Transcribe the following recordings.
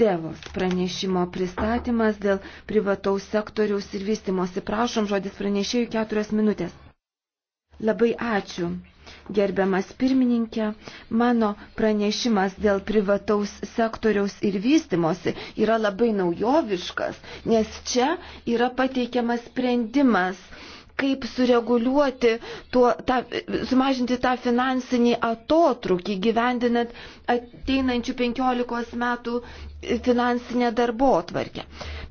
Devos pranešimo pristatymas dėl privataus sektoriaus ir vystimosi. Prašom, žodis pranešėjų keturios minutės. Labai ačiū, gerbiamas pirmininkė. Mano pranešimas dėl privataus sektoriaus ir vystimosi yra labai naujoviškas, nes čia yra pateikiamas sprendimas kaip sureguliuoti, tuo, tą, sumažinti tą finansinį atotrukį, gyvendinant ateinančių 15 metų finansinę darbo atvarkę.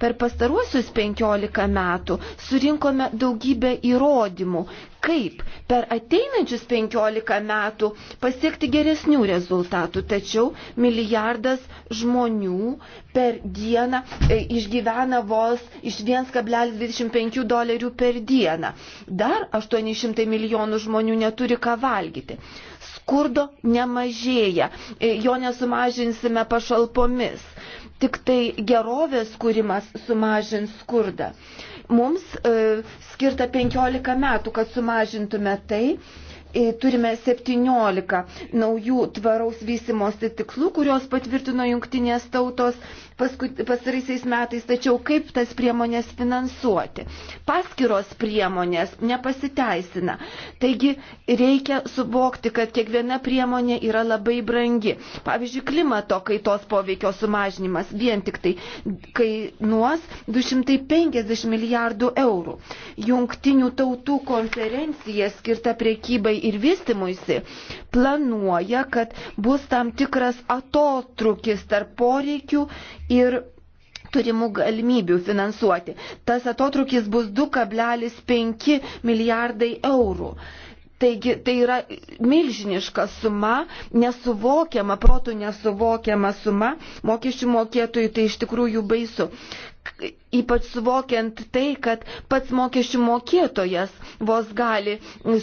Per pastaruosius 15 metų surinkome daugybę įrodymų, kaip per ateinančius 15 metų pasiekti geresnių rezultatų. Tačiau milijardas žmonių per dieną e, išgyvena vos iš 1,25 dolerių per dieną. Dar 800 milijonų žmonių neturi ką valgyti. Skurdo nemažėja, e, jo nesumažinsime pašalpomis. Tik tai gerovės kūrimas sumažins skurdą mums e, skirta 15 metų, kad sumažintume tai. E, turime 17 naujų tvaraus vystimosi tikslų, kuriuos patvirtino jungtinės tautos pastaraisiais metais, tačiau kaip tas priemonės finansuoti. Paskiros priemonės nepasiteisina. Taigi reikia subokti, kad kiekviena priemonė yra labai brangi. Pavyzdžiui, klimato kaitos poveikio sumažinimas vien tik tai kainuos 250 milijardų eurų. Jungtinių tautų konferencija skirta priekybai ir vystimuisi planuoja, kad bus tam tikras atotrukis tarp poreikių ir turimų galimybių finansuoti. Tas atotrukis bus 2,5 milijardai eurų. Taigi tai yra milžiniška suma, nesuvokiama, protų nesuvokiama suma, mokesčių mokėtojų tai iš tikrųjų baisu ypač suvokiant tai, kad pats mokesčių mokėtojas vos gali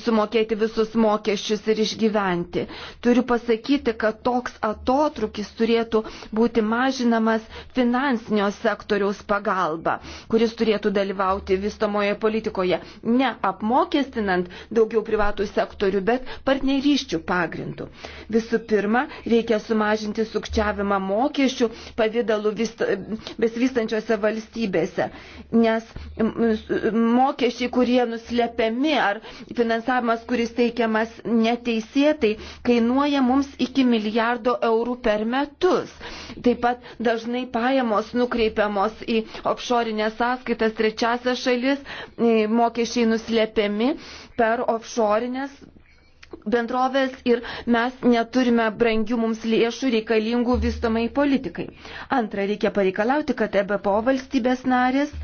sumokėti visus mokesčius ir išgyventi. Turiu pasakyti, kad toks atotrukis turėtų būti mažinamas finansinio sektoriaus pagalba, kuris turėtų dalyvauti vystomoje politikoje, ne apmokestinant daugiau privatų sektorių, bet partnerysčių pagrindų. Visų pirma, reikia sumažinti sukčiavimą mokesčių pavydalų besivystančiose valstybėse valstybėse, nes mokesčiai, kurie nuslepiami ar finansavimas, kuris teikiamas neteisėtai, kainuoja mums iki milijardo eurų per metus. Taip pat dažnai pajamos nukreipiamos į offshorinės sąskaitas trečiasias šalis, mokesčiai nuslepiami per offshorinės bendrovės ir mes neturime brangių mums lėšų reikalingų vystomai politikai. Antra, reikia pareikalauti, kad EBPO valstybės narės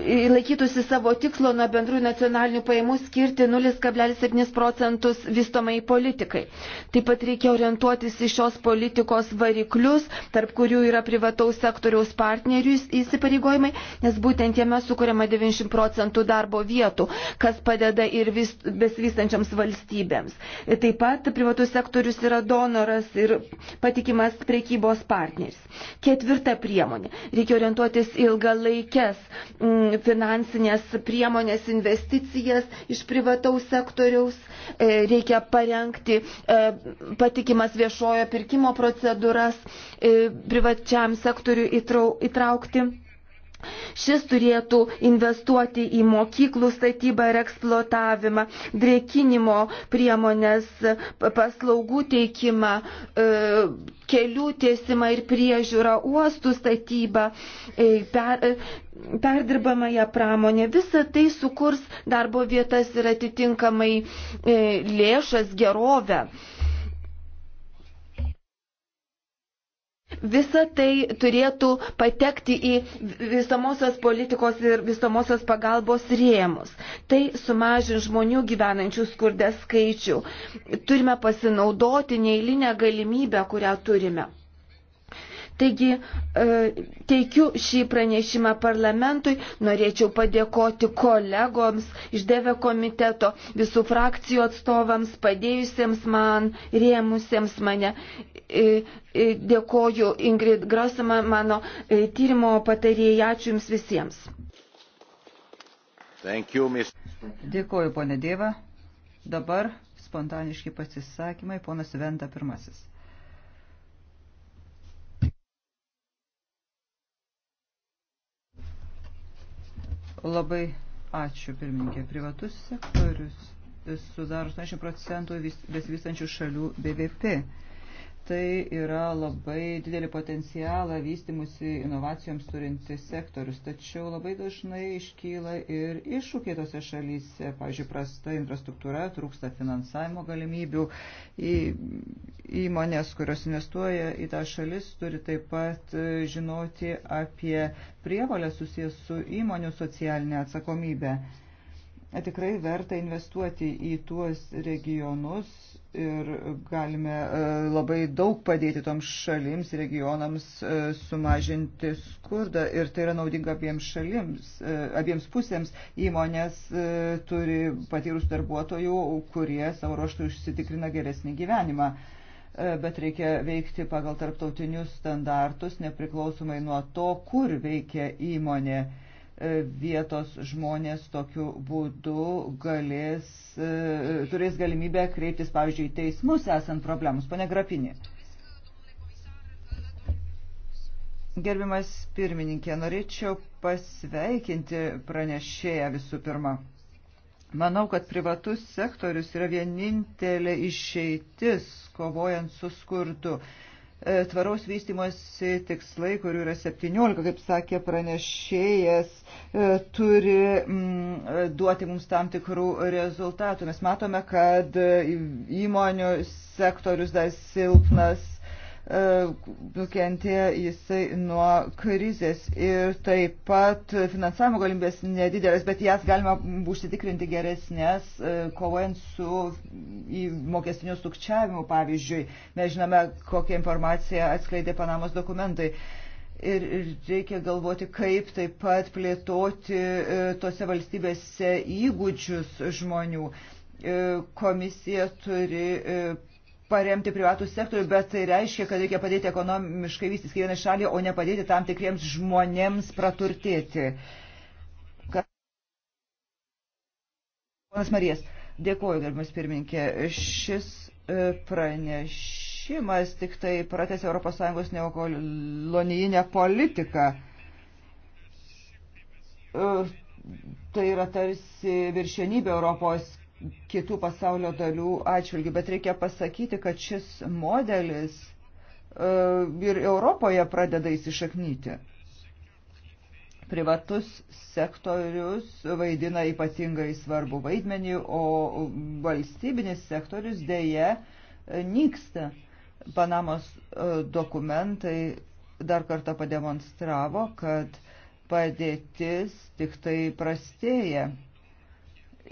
laikytųsi savo tikslo nuo bendrųjų nacionalinių pajamų skirti 0,7 procentus vystomai politikai. Taip pat reikia orientuotis į šios politikos variklius, tarp kurių yra privataus sektoriaus partnerių įsipareigojimai, nes būtent jame sukuriama 90 procentų darbo vietų, kas padeda ir vis, besivystančiams valstybėms. Taip pat privatus sektorius yra donoras ir patikimas prekybos partneris. Ketvirta priemonė. Reikia orientuotis ilgalaikės. Mm, finansinės priemonės investicijas iš privataus sektoriaus, e, reikia parengti e, patikimas viešojo pirkimo procedūras e, privačiam sektoriui įtraukti. Šis turėtų investuoti į mokyklų statybą ir eksploatavimą, drėkinimo priemonės, paslaugų teikimą, e, kelių tiesimą ir priežiūrą, uostų statybą, e, per, e, perdirbamąją pramonę. Visa tai sukurs darbo vietas ir atitinkamai lėšas gerovę. Visa tai turėtų patekti į visamosios politikos ir visamosios pagalbos rėmus. Tai sumažins žmonių gyvenančių skurdę skaičių. Turime pasinaudoti neįlinę galimybę, kurią turime. Taigi e, teikiu šį pranešimą parlamentui, norėčiau padėkoti kolegoms iš Deve komiteto, visų frakcijų atstovams, padėjusiems man, rėmusiems mane. E, e, dėkoju Ingrid Grosama, mano tyrimo patarėjai, ačiū Jums visiems. Thank you, Ms. Dėkoju, ponė Dieva. Dabar spontaniški pasisakymai, ponas Venta pirmasis. Labai ačiū, pirmininkė. Privatus sektorius sudaro 80 procentų besivystančių šalių BVP tai yra labai didelį potencialą vystimusi inovacijoms turintis sektorius, tačiau labai dažnai iškyla ir iššūkiai tose šalyse, pavyzdžiui, prasta infrastruktūra, trūksta finansavimo galimybių, į, įmonės, kurios investuoja į tą šalis, turi taip pat e, žinoti apie prievalę susijęs su įmonių socialinė atsakomybė. E, tikrai verta investuoti į tuos regionus ir galime e, labai daug padėti toms šalims, regionams e, sumažinti skurdą ir tai yra naudinga abiems šalims, e, abiems pusėms. Įmonės turi patyrus darbuotojų, kurie savo ruoštų užsitikrina geresnį gyvenimą. Bet reikia veikti pagal tarptautinius standartus, nepriklausomai nuo to, kur veikia įmonė. E, vietos žmonės tokiu būdu galės, e, turės galimybę kreiptis, pavyzdžiui, į teismus esant problemus. Pane Grapinė. Gerbimas pirmininkė, norėčiau pasveikinti pranešėją visų pirma. Manau, kad privatus sektorius yra vienintelė išeitis kovojant su skurdu. E, tvaraus vystimosi tikslai, kurių yra 17, kaip sakė pranešėjas, e, turi mm, duoti mums tam tikrų rezultatų. Mes matome, kad e, įmonių sektorius dar silpnas nukentėjo jisai nuo krizės ir taip pat finansavimo galimybės nedidelės, bet jas galima užsitikrinti geresnės, e, kovojant su mokestiniu sukčiavimu, pavyzdžiui. Mes žinome, kokią informaciją atskleidė Panamos dokumentai. Ir reikia galvoti, kaip taip pat plėtoti e, tose valstybėse įgūdžius žmonių. E, komisija turi paremti privatų sektorių, bet tai reiškia, kad reikia padėti ekonomiškai vystytis kiekvienai šaliai, o ne padėti tam tikriems žmonėms praturtėti. Kad... Ponas Marijas, dėkuoju, gerbimas pirmininkė. Šis e, pranešimas tik tai pratęs ES neokolonijinę politiką. E, tai yra tarsi viršenybė Europos kitų pasaulio dalių atšvilgių, bet reikia pasakyti, kad šis modelis e, ir Europoje pradeda įsišaknyti. Privatus sektorius vaidina ypatingai svarbų vaidmenį, o valstybinis sektorius dėje e, nyksta. Panamos e, dokumentai dar kartą pademonstravo, kad padėtis tik tai prastėja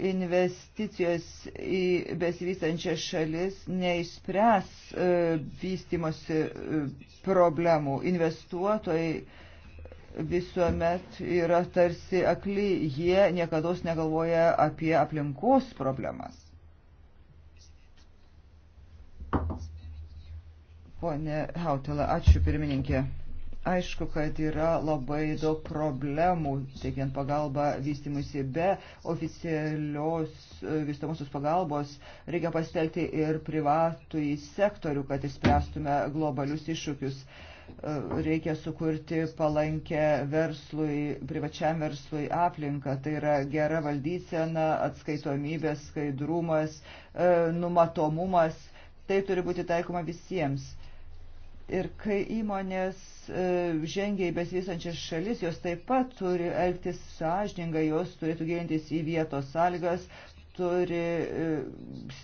investicijos į besivystančias šalis neišspręs e, vystimosi e, problemų. Investuotojai visuomet yra tarsi akli, jie niekada negalvoja apie aplinkos problemas. Pone Hautela, ačiū pirmininkė. Aišku, kad yra labai daug problemų, teikiant pagalbą vystimusi be oficialios e, vystamusios pagalbos, reikia pastelti ir privatų į sektorių, kad išspręstume globalius iššūkius. E, reikia sukurti palankę verslui, privačiam verslui aplinką, tai yra gera valdysena, atskaitomybės, skaidrumas, e, numatomumas, tai turi būti taikoma visiems Ir kai įmonės e, žengia į besivysančias šalis, jos taip pat turi elgtis sąžiningai, jos turėtų gilintis į vietos sąlygas, turi e,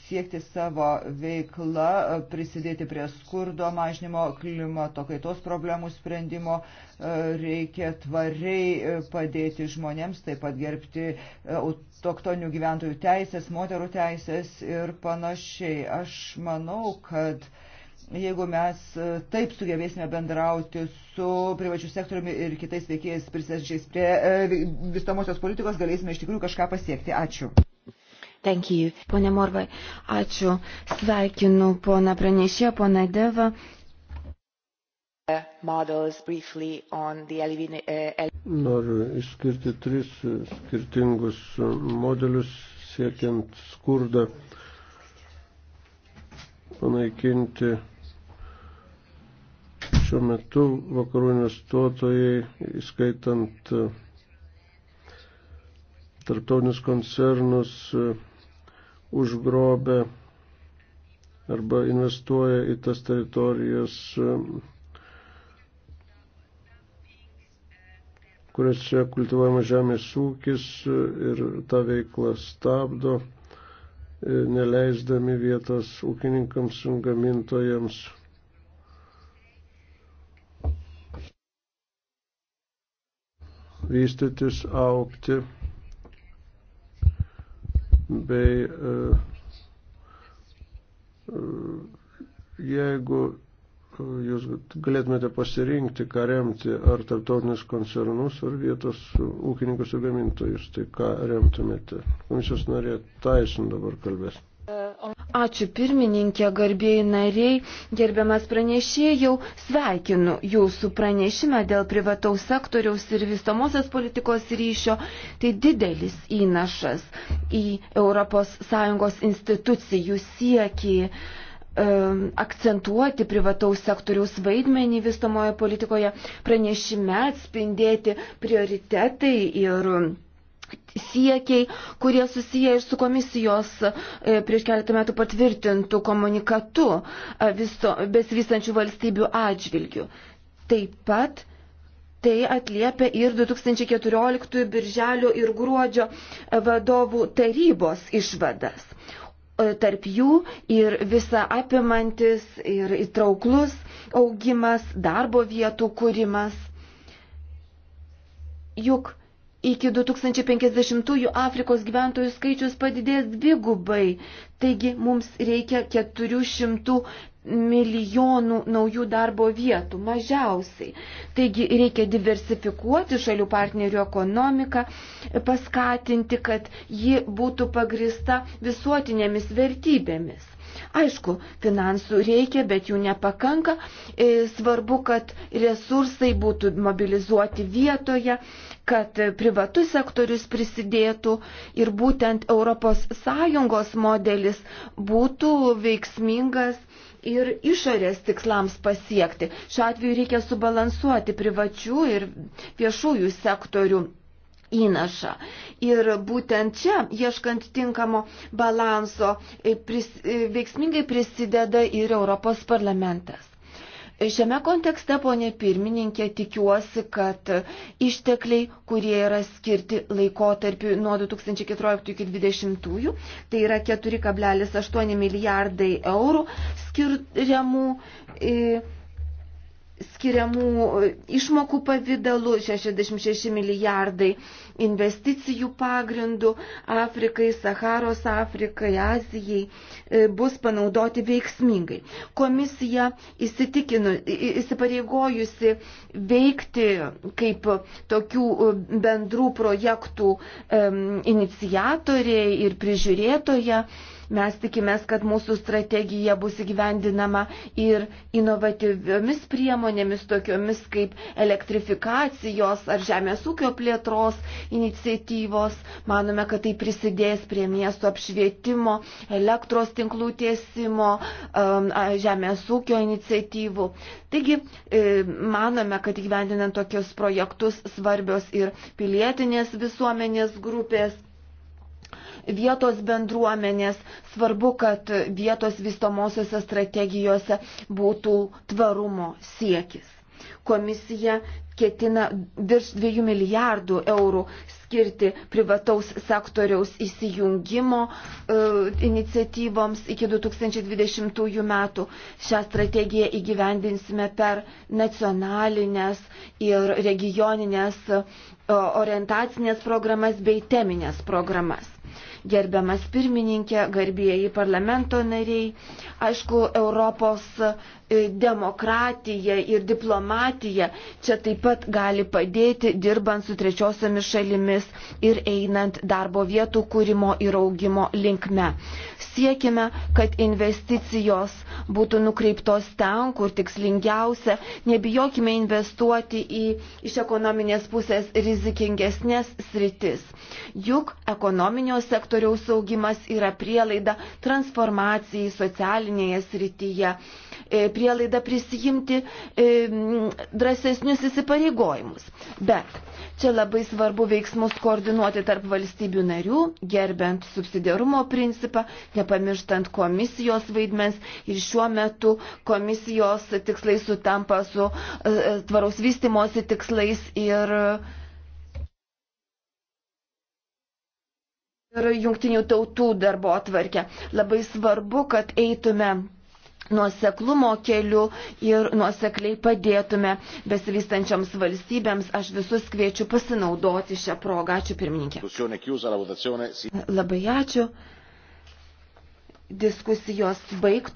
siekti savo veiklą, prisidėti prie skurdo mažnymo, klimato kaitos problemų sprendimo, e, reikia tvariai padėti žmonėms, taip pat gerbti autoktonių gyventojų teisės, moterų teisės ir panašiai. Aš manau, kad uh, jeigu mes e, taip sugebėsime bendrauti su privačiu sektoriumi ir kitais veikėjais prisidedžiais prie e, vystamosios politikos, galėsime iš tikrųjų kažką pasiekti. Ačiū. Thank you. Pone Morvai, ačiū. Sveikinu poną pranešę, poną Devą. Uh, Noriu išskirti tris skirtingus modelius siekiant skurdą panaikinti Šiuo metu vakarų investuotojai, įskaitant e, tarptautinius koncernus, e, užgrobę arba investuoja į tas teritorijas, e, kuriuose kultivuojama žemės ūkis ir tą veiklą stabdo, neleisdami vietos ūkininkams, gamintojams vystytis, aukti bei e, e, jeigu e, jūs galėtumėte pasirinkti, ką remti, ar tarptautinius koncernus, ar vietos ūkininkus ir gamintojus, tai ką remtumėte. Komisijos narė Taisin dabar kalbės. Ačiū pirmininkė, garbėjai nariai, gerbiamas pranešėjau, sveikinu jūsų pranešimą dėl privataus sektoriaus ir visomosios politikos ryšio. Tai didelis įnašas į ES institucijų siekį akcentuoti privataus sektoriaus vaidmenį vystomoje politikoje, pranešime atspindėti prioritetai ir siekiai, kurie susiję ir su komisijos e, prieš keletą metų patvirtintų komunikatu e, viso, besivystančių valstybių atžvilgių. Taip pat tai atliepia ir 2014 birželio ir gruodžio e, vadovų tarybos išvadas. Tarp jų ir visa apimantis ir įtrauklus augimas, darbo vietų kūrimas. Juk Iki 2050-ųjų Afrikos gyventojų skaičius padidės dvigubai, taigi mums reikia 400 milijonų naujų darbo vietų, mažiausiai. Taigi reikia diversifikuoti šalių partnerių ekonomiką, paskatinti, kad ji būtų pagrista visuotinėmis vertybėmis. Aišku, finansų reikia, bet jų nepakanka. E, svarbu, kad resursai būtų mobilizuoti vietoje, kad privatus sektorius prisidėtų ir būtent ES modelis būtų veiksmingas ir išorės tikslams pasiekti. Šiuo atveju reikia subalansuoti privačių ir viešųjų sektorių įnašą. Ir būtent čia, ieškant tinkamo balanso, e, pris, e, veiksmingai prisideda ir Europos parlamentas. Šiame kontekste, ponė pirmininkė, tikiuosi, kad ištekliai, kurie yra skirti laikotarpiu nuo 2014 iki 2020, tai yra 4,8 milijardai eurų skiriamų. E, skiriamų e, išmokų pavydalu 66 milijardai investicijų pagrindų Afrikai, Saharos Afrikai, Azijai e, bus panaudoti veiksmingai. Komisija įsipareigojusi veikti kaip tokių e, bendrų projektų inicijatorė ir prižiūrėtoja. Mes tikimės, kad mūsų strategija bus įgyvendinama ir inovatyviomis priemonėmis, tokiomis kaip elektrifikacijos ar žemės ūkio plėtros iniciatyvos. Manome, kad tai prisidės prie miesto apšvietimo, elektros tinklų tiesimo, um, žemės ūkio iniciatyvų. Taigi, e, manome, kad įgyvendinant tokius projektus svarbios ir pilietinės visuomenės grupės vietos bendruomenės, svarbu, kad vietos vystomosiose strategijose būtų tvarumo siekis komisija ketina virš 2 milijardų eurų skirti privataus sektoriaus įsijungimo e, iniciatyvoms iki 2020 metų. Šią strategiją įgyvendinsime per nacionalinės ir regioninės e, orientacinės programas bei teminės programas gerbiamas pirmininkė, garbėjai parlamento nariai. Aišku, Europos e, demokratija ir diplomatija čia taip pat gali padėti dirbant su trečiosiomis šalimis ir einant darbo vietų kūrimo ir augimo linkme. Siekime, kad investicijos būtų nukreiptos ten, kur tikslingiausia. Nebijokime investuoti į iš ekonominės pusės rizikingesnės sritis. Juk ekonominio sektoriaus augimas yra prielaida transformacijai socialinėje srityje, e, prielaida prisijimti e, drąsesnius įsipareigojimus. Bet čia labai svarbu veiksmus koordinuoti tarp valstybių narių, gerbent subsidiarumo principą, nepamiršti nepamirštant komisijos vaidmens ir šiuo metu komisijos tikslai sutampa su e, e, tvaraus vystimosi tikslais ir ir jungtinių tautų darbo atvarkę. Labai svarbu, kad eitume nuoseklumo keliu ir nuosekliai padėtume besivystančioms valstybėms. Aš visus kviečiu pasinaudoti šią progą. Ačiū pirmininkė. Labai ačiū diskusijos baigtos